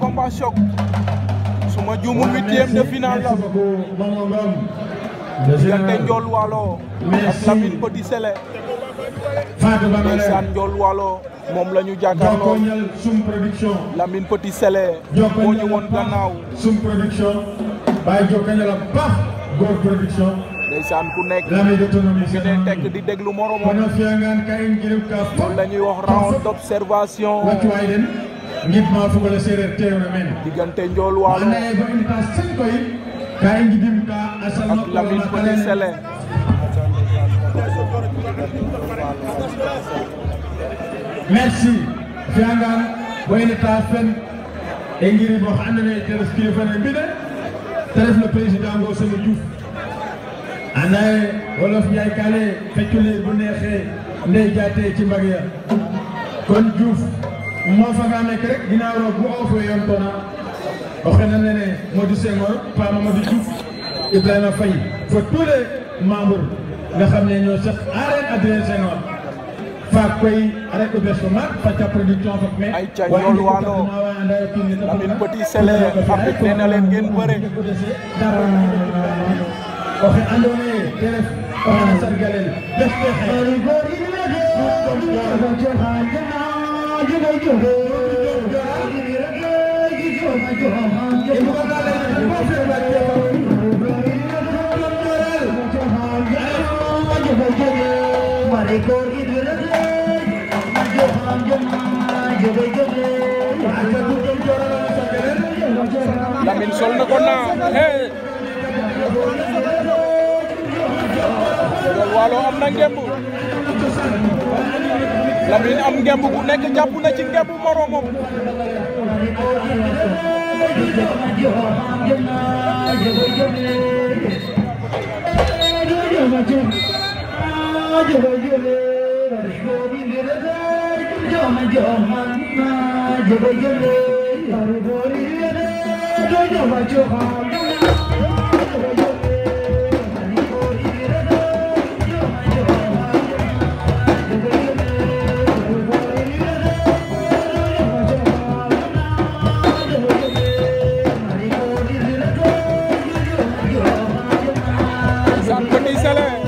combat choc su ma juumu huitième de finale la diggante Ndiol Walo ak Lamine Petit Sélé ndeysaan Ndiol Walo moom la ñu jàkkaarloo Lamine Petit moo ñu woon gannaaw Sum Production bay jokkañal baax Góor Production ndeysaan ku nekk ki ne di déglu moroomam loolu la ñuy wax round d'observation Guippement Fouga la séeréer teewre men diggante Njool Waalo andaye ba indi ta sen koy ka i ngidim ka a salno Lamine Petit Sélé merci fiyangaan bo i ndeta fen e ngirib oxe andoona yee te ref ne mbine te ref le président Ngosene Diouf andaye wolof Njaay ka lay feccu le bu neexee ndey jaatee ci mbag ya kon Diouf moo fa kaa nekk rek ginnaaw roog bu aw fee yoon tona o xena nene Modou Senghor Pa Mamadou Diouf Ibrahima les membres nga xam ne ñoo sax arène Adrien Senghor faak koy rek o ɓes fo maak faca production fok me wa i ndikoawa anda yo kiin ne tapna petit sele apik nena leen ngeen bëre dara oxe andoona yee te ref oxena sargalel ɓes fe xaye Lamin sol na ko na hey Walo am na ngemb Lamine am ngemb bu nekk jàpp na ci ngemb moromam Jojo जानकटी चले